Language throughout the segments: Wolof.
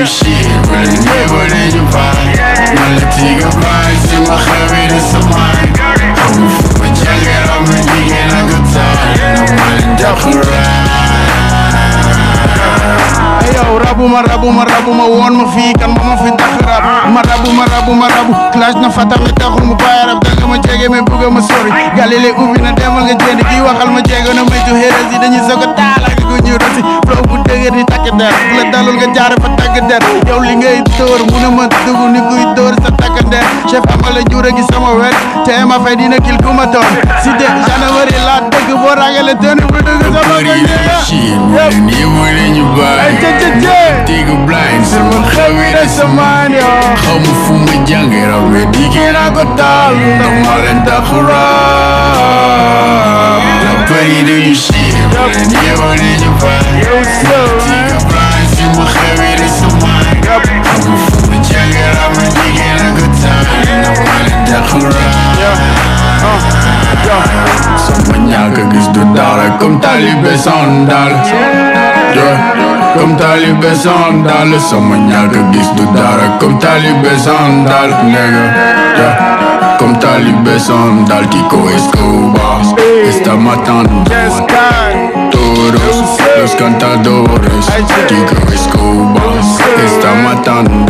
you shit Really neighbor your vibe Reality goodbye See my hurry, this is mine I'm a fucking jacket, I'm a nigga and I I'm running down ride Hey yo, rabu ma rabu ma rabu ma One, ma fi ma ma marabu marabu marabu clash na fata mi taxul mu bàyyi rab danga ma jégué mais bëgg ma sori galilé ubi na demal nga jënd kii waxal ma jégué na maytu héeral si dañuy soog taal ak ko ñu rosi flow bu dëgër ni tak der la dalul nga jaar fa tag der yow li ngay door mu ne ma dugg ni kuy door sa tak der chef amala juure gi sama wet té ma fay dina kil ku ma doon si dé janawari la dëgg bo ragalé tënn bu dëgg sama ko ñëga yëpp nii mu ne ñu bàyyi dig blind sama xawi da sama ñoo mufumu jangera wedigera kotal tamarenda khura Lapayde yushir, nyevane nyupa Tika blansi mukhavire sumay Mufumu jangera wedigera kotal tamarenda khura Somanyaka gis dudara kom talibe sandal Yeah comme talibé sandal sama que gis du dara comme talibé sandal nega yeah. comme talibé sandal Kiko Escobar esta matando toros los cantadores Kiko Escobar está matando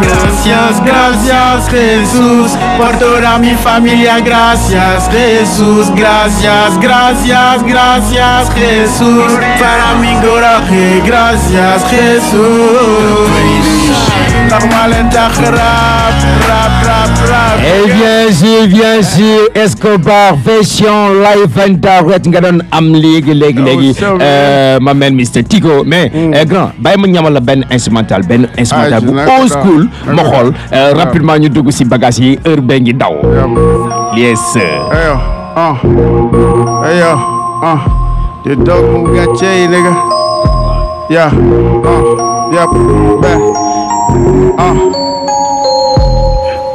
Gracias, gracias Jesús, por toda mi familia, gracias Jesús, gracias, gracias, gracias Jesús, para mi coraje, gracias Jesús. ndax maa rap rap rap rap. et bien sûr bien sûr Escobar version live and direct nga doon am léegi léegi oh, léegi euh, ma mel Mr Tigo mais. Mm. Euh, grand bay ma ñamal ben instrumental ben instrumental bu old school ma xool euh, rapidement ñu dugg ci bagage yi heure ben gi daw. yes sir. ayo ah ayo ah. Ah. ah di doog mu gàcce yi nigga. ya ah yep. ah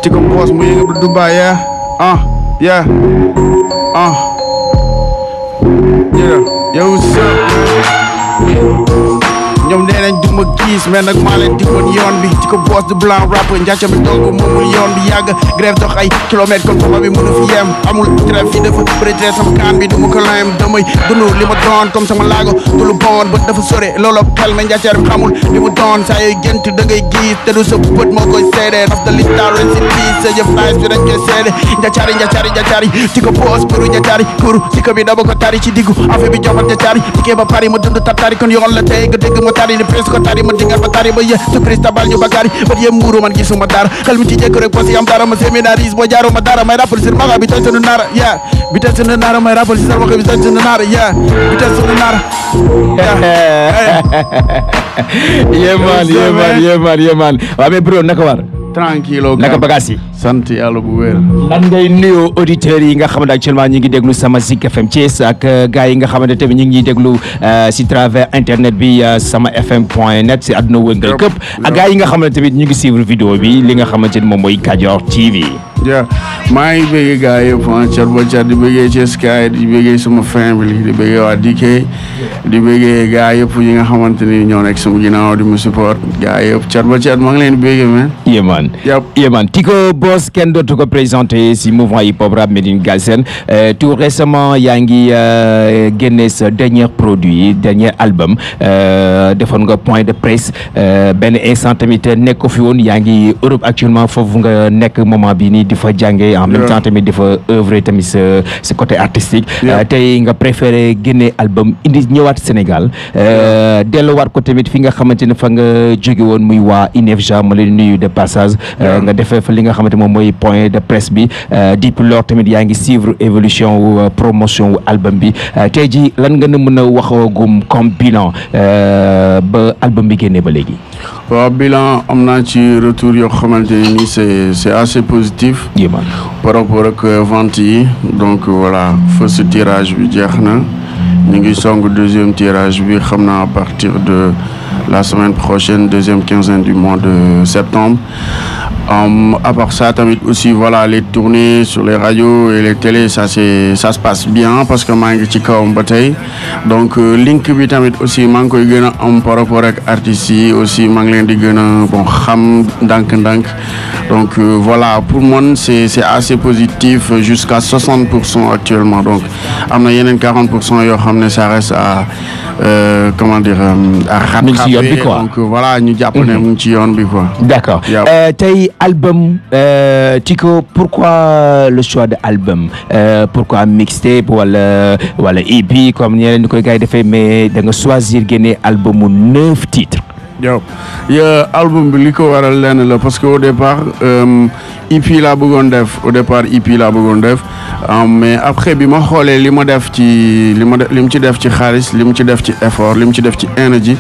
Cikgu puas yang berdua ya ah ya ah yeah yo sir ñoom nee nañ du ma gis mais nag maa leen di woon yoon bi ci ko boss de blanc rap njàcc bi togg moomul yoon bi yàgg grève dox ay kilomètres kon combat bi mënu fi yem amul trêve fii dafa prétéré sama kaan bi du ma ko layem damay dund li doon comme sama laago te bon ba dafa sore looloo xel ma njàcceer xamul li doon saa yooyu gént da te du sa bët moo koy seede daf da li si bii sa jëf nice bi dañ seede njàccaari njàccaari njàccaari ko boss pour njàccaari pour ci ko bi dama tari ne prince ko tari ma dinga ba tari ba ye su prince tabal ñu bakari ba ye muru man gisuma dara xel mi ci jekk rek parce que am dara ma séminariste bo jaaro ma dara may rappel sur maga bi tan sunu nara ya bi tan sunu nara may rappel sur maga bi tan sunu nara ya bi tan sunu nara yeman yeman yeman yeman waaw mais bro naka war tranquille naka bagage yi sant yàlla bu wér. lan yi nga xam ne actuellement ñu ngi déglu sama Zik FM Thiès euh, gars yi nga xam ne tamit ñu ngi ñuy déglu si euh, travers internet bi euh, sama FM point net si àdduna wëngal këpp ak gars yi nga xam ne tamit ñu ngi suivre vidéo bi li nga xamante ni moom mooy Kadior TV. ja maa ngi bëggee gars yëpp ah cat ba cat di bëggee Thiès kaay di bëggee sama famille di bëggee waa DK di bëggee gars yëpp yi nga xamante ni ñoo nekk sama ginnaaw di mu support gars yëpp cat ba cat ngi leen di Lagos doit ko si mouvement hip hop Galsen euh, tout récemment yangi euh dernier produit dernier album euh, defoon nga point de presse ben ben fi won Europe actuellement nga moment bi en même temps tamit œuvrer côté artistique préféré album indi ñëwaat Sénégal ko tamit fi nga fa nga muy de passage nga moom mooy point de presse bi euh, depuis lors tamit yaa ngi suivre évolution ou euh, promotion ou album bi euh, tayji lan nga na mën gum comme bilan ba album bi génnee ba léegi wa bilan amna ci retour yo xamante ni c'est c'est assez positif par rapport que vente yi donc voilà ce tirage bi jeex na ngi song deuxième tirage bi xam à partir de la semaine prochaine deuxième quinzaine du mois de septembre Um, à part ça, tamit aussi voilà les tournées sur les radios et les télés, ça c'est ça se passe bien parce que maa un ci peu ba tey donc euh, link bi tamit aussi maa ngi koy gën par rapport avec artistes aussi maa ngi di bon xam dank dank. donc euh, voilà pour moi, c'est c'est assez positif jusqu'à 60 actuellement donc il y a 40 qui sont ça reste à euh, comment dire euh, à rattraper donc voilà nous avons un petit ci quoi. d'accord tey. album euh, Tyco pourquoi le choix de album euh, pourquoi mixtape wala wala EP comme ñeneen ñi koy gars yi defee mais da nga choisir génne album mu neuf titres. yow album bi li ko waral lenn la parce que au départ EP euh, e laa bëggoon def au départ EP bëggoon def. Ah, mais après bi ma xoolee li ma def ci li ma li ci def ci xaalis li ci def ci effort li ci def ci énergie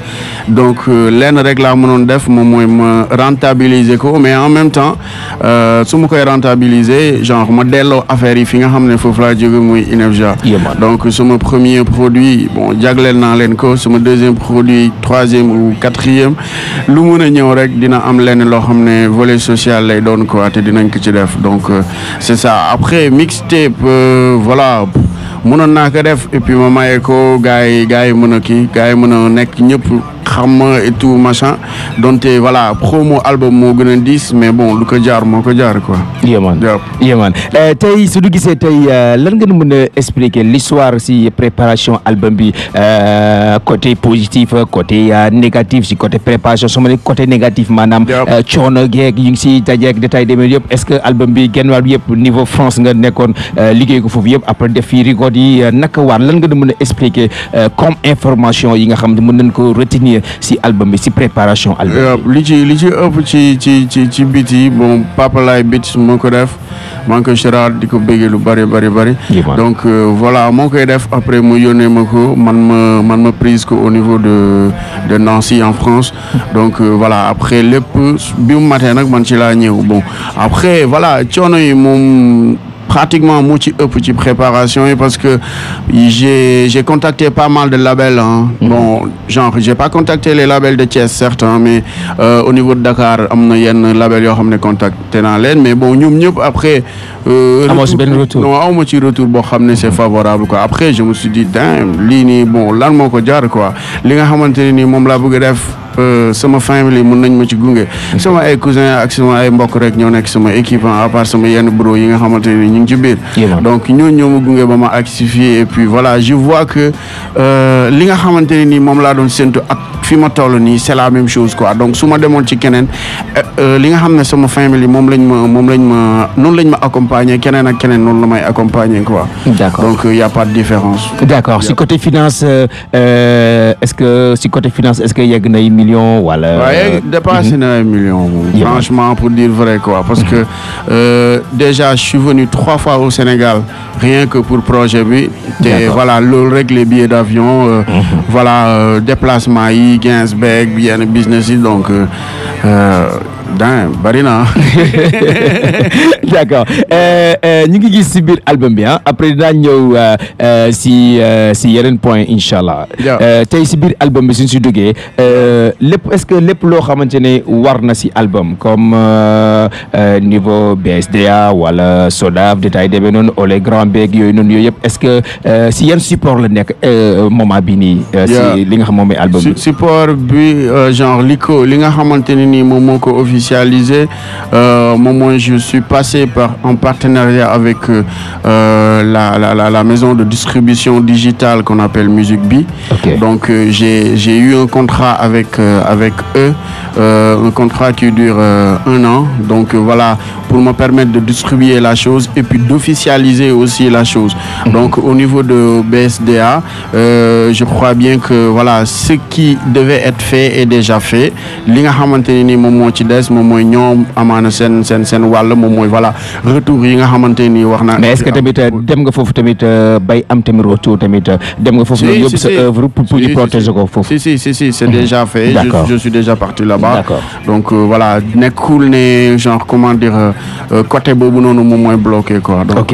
donc euh, lenn rek laa mënoon def moom mooy ma rentabiliser ko mais en même temps euh, su ma koy rentabiliser genre ma delloo affaire yi fi nga xam ne foofu laa jóge muy INEFJA donc suma premier produit bon jagleel naa leen ko suma deuxième produit troisième ou quatrième lu mun a ñëw rek dina am lenn loo xam ne volet social lay doon quoi te dinañ ko ci def donc euh, c'est ça après mixte yëpp euh, voilà mënoon naa ko def et puis ma maye ko gars yi gars yi mën a kii gars yi mën a nekk ñëpp. xam et tout machin donte euh, voilà promo album moo gën a mais bon lu ko jaar moo ko quoi. yéman yéman euh, tey su du gisee tey euh, lan nga mën expliquer l'histoire si préparation album bi côté positif côté négatif si côté préparation su ma côté négatif maanaam. coono geeg yu ngi si dajeeg détail demee yëpp est-ce que album bi genn wàll yëpp niveau France nga nekkoon liggéey ko foofu yëpp après def fii rigode yi naka waar lan nga mën expliquer comme information yi nga xam ne mën nañ ko retenir si album et si préparation album li ci li ci ëpp ci ci ci biti bon Papa lay bit moo ko def man ko koy diko di lu bari bari bari donc euh, voilà mon koy def après mo yónnee mako man ma man ma prise ko au niveau de de Nancy en France donc euh, voilà après lépp bi matin nak man ci la ñëw bon après voilà en yi mon pratiquement moo ci préparation parce que j'ai j'ai contacté pas mal de labels hein. Mhm. bon genre j'ai pas contacté les labels de Thiès certes hein, mais euh, au niveau de Dakar on y a un label xam ne contacté dans l'aine mais bon nous mieux après. un euh, retour, non ci retour bon c'est favorable quoi après je me suis dit damn lii bon là mon quoi li nga euh, sama family mun nañ ma ci gunge sama ay cousin ak sama ay mbokk rek ñoo nekk sama équipe à part sama yenn bro yi nga xamante ne ñu ngi ci biir donc ñoo ñoo ma gunge ba ma actifié et puis voilà je vois que euh, li nga xamante ne nii moom laa doon séntu ak fi ma toll nii c'est la même chose quoi donc su ma demoon ci keneen euh, li nga xam ne sama family moom lañ ma moom lañ ma noonu lañ ma accompagner keneen ak keneen noonu la may accompagner quoi donc y a pas de différence d'accord si côté finance est-ce que si côté finance est-ce que yegg na ou alors... Euh, franchement, pour dire vrai, quoi. Parce que euh, déjà, je suis venu trois fois au Sénégal, rien que pour projet et Voilà, le règle les billets d'avion, euh, mhm. voilà, déplace déplacement I, bag bien business. Donc, Dame, barina. na d' accord euh, euh, ñu ngi gis si biir album bi ah après dinaa ñëw si euh, si yeneen point incha allah. tey si biir album bi suñ si duggee lépp est ce que lépp loo xamante ne war na si album comme niveau BSDA wala SODAV détail demee noonu ole grand beeg yooyu noonu yooyu yëpp est ce que si yan support la nekk moment bi nii. si li nga xam moom album support bi genre li ko li nga xamante ne nii moom euh, moment je suis passé par, en partenariat avec euh, euh, la, maison de distribution digitale qu'on appelle Music Donc euh, j'ai eu un contrat avec, avec eux, un contrat qui dure un an. Donc voilà, pour me permettre de distribuer la chose et puis d'officialiser aussi la chose. Mhm. Donc au niveau de BSDA, je crois bien que voilà, ce qui devait être fait est déjà fait. moment gis moom mooy ñoom sen sen seen seen wàll moom voilà retour yi nga xamanteni waxna mais est-ce que tamit euh, dem nga fofu tamit euh, bay am tamit retour tamit euh, dem nga fofu si si sa œuvre pour ñu protéger ko fofu si si si si c'est mhm. déjà fait. d'accord je suis déjà parti là-bas. donc voilà nekkul ne genre comment dire côté bobu noonu moom mooy bloqué quoi. donc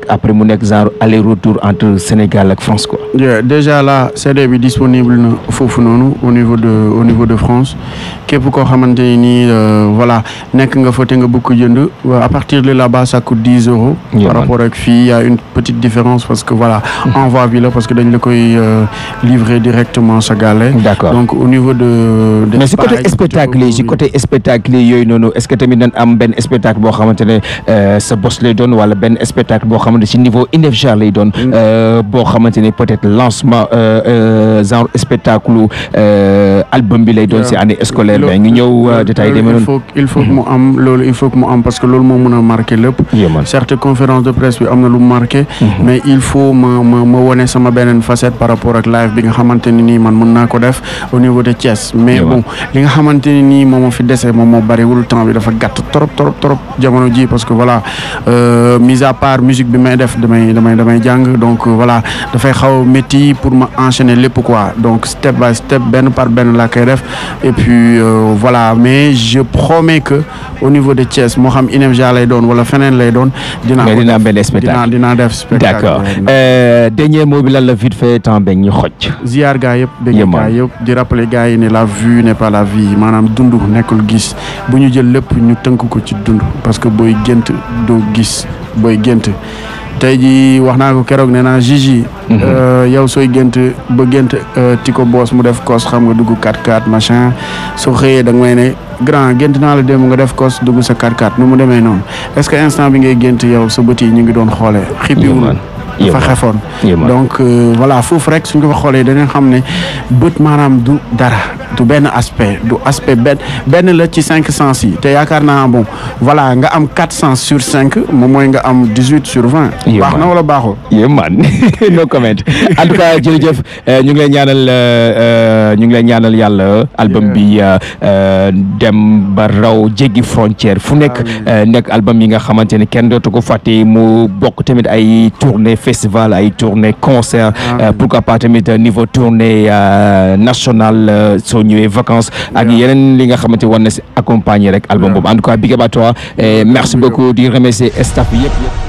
après mon nekk aller retour entre Sénégal et France quoi. déjà là c'est déjà disponible au niveau de au niveau de France képp ko xamanteni ni euh, voilà nek nga fa nga beaucoup à partir de là-bas ça coûte 10 euros. par rapport à fi Il y a une petite différence parce que voilà. Hmm. envoi Ville là parce que dañ la koy euh, livrer directement sa galère. donc au niveau de. mais si côté spectacle côté spectacle yoy est-ce que tamit dañ am bon spectacle ce xamante ne euh, sa les lay wala ben spectacle xamante ci niveau INEFJA lay doon mm. euh, boo xamante ne peut-être lancement euh, euh, genre spectacle album bi lay doon ci année scolaire mais ngi ñëw détail demee non il faut faut mu am lolu il faut que mu am parce que lolu mo mën a marqué lépp certes conférence de presse bi amna lu marqué mm-hmm. mais il faut ma ma ma wone sama benen facette par rapport ak live bi nga xamante ni man mën ko def au niveau de Thiès mais bon li nga xamante ni nii fi déssé moom bari wul temps bi dafa gatt trop trop trop jamono ji parce que voilà mis à part musique bi may def damay damay damay jàng donc euh, voilà dafay xaw métti pour m'enchaîner enchaîner lépp quoi donc step by step ben par ben la koy def et puis euh, voilà mais je promets que au niveau de Thiès moo xam j'allais lay doon wala feneen lay doon. dinaa dinaa belle spectacle dinaa def spectacle. d'accord euh, dernier mobile bi la vite fait temps beeg ñu xoj. ziar gaa yëpp. yëpp dira yëpp di rappeler gaa yi ne la vue n'est pas la vie maanaam dund nekkul gis bu ñu jël lépp ñu tënk ko ci dund parce que booy gént doo gis. booy gént tey jii wax naa ko keroog nee naa Gigi. Mhm. Euh, yow sooy gént ba gént euh, Tico Boss mu def kos xam nga dugg 4-4 machin soo xëyee da nga may ne grand gént naa la démb nga def kos dugg sa 4-4 nu mu demee noonu est-ce que instant bi ngay gént yow sa bët yi ñu ngi doon xoolee. xippiwul donc euh, voilà foofu rek ko fa xoolee ne du dara du aspect du aspect benn benn la ci cinq sens yi voilà nga am sur cinq moom mooy nga sur vingt baax wala no comment en tout cas jërëjëf euh, ñu ngi lay album bi dem frontière fu euh, album yi nga xamante ko mu tournée festival ay tournée concert ah euh, pourquoi pas de euh, niveau tournée euh, national soo vacances à yeneen li nga xamante été accompagner album en tout cas big à toi et merci beaucoup d'y remercier staff